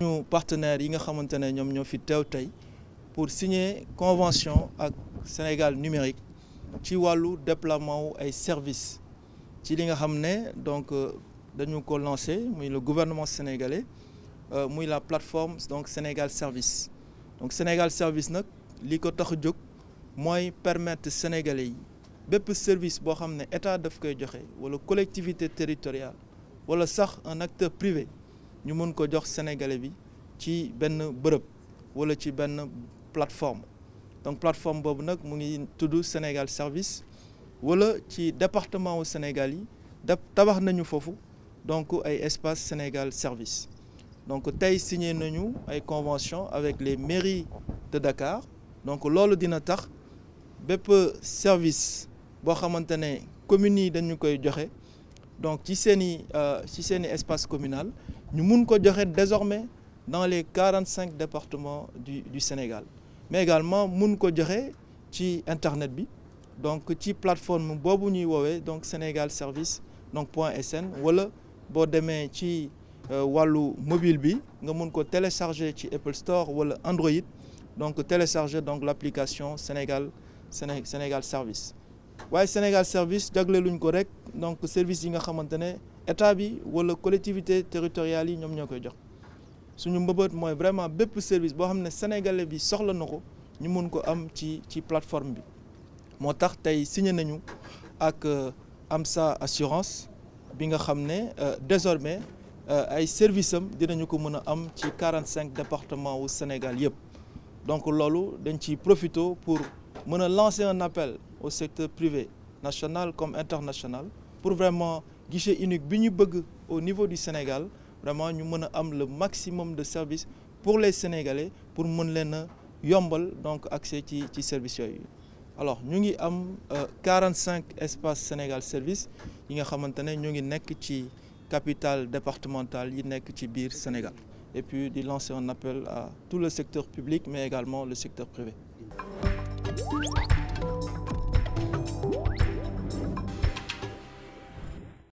ñu partenaires yi nga xamante ne ñoom ñoo fi teew tey pour signer convention ak Sénégal numérique ci wàllu déploiement wu ay services ci li nga xam ne donc euh, dañu ko lancé muy le gouvernement sénégalais euh, muy la plateforme donc Sénégal service donc Sénégal service nag li ko tax a jóg mooy permettre sénégalais yi. bépp service boo xam ne état daf koy joxe wala collectivité territoriale wala sax un acteur privé ñu mën ko jox sénégalais bi ci benn bërëb wala ci benn plateforme donc plateforme boobu nag mu ngi tudd Sénégal service wala ci département wu Sénégal yi da tabax nañu foofu donc ay espace Sénégal service donc tey signé nañu ay convention avec les mairies de Dakar donc loolu dina tax bépp service boo xamante ne communes yi dañu koy joxe donc ci seen i euh, ci seen i espace communal ñu mun ko joxe désormais dans les quarante cinq départements du du Sénégal mais également mun ko joxe ci internet bi donc ci plateforme boobu ñuy woowee donc Sénégal service donc point sn wala boo demee ci euh, wàllu mobile bi nga mun ko télécharger ci Apple Store wala Android donc télécharger donc l' application Sénégal Sénégal service. waaye Sénégal service jagleeluñ ko rek donc service yi nga xamante ne état bi wala collectivité territoriale yi ñoom ñoo koy jox suñu mbëbët mooy vraiment bépp service boo xam ne sénégalais bi soxla na ko ñu mun ko am ci ci plateforme bi moo tax tey signé nañu ak am euh, AMSA assurance bi nga xam ne euh, désormais euh, ay service am dinañu ko mën a am ci quarante cinq département wu Sénégal yëpp donc loolu dañ ci profito pour mën a lancer un appel au secteur privé national comme international pour vraiment guichet unique bi ñu bëgg au niveau du Sénégal vraiment ñu mën a am le maximum de services pour les Sénégalais pour mën leen a yombal donc accès ci ci services yooyu. alors ñu ngi am 45 euh, espaces Sénégal service yi nga xamante ne ñu ngi nekk ci capitale départementale yi nekk ci biir Sénégal et puis di lancer un appel à tout le secteur public mais également le secteur privé.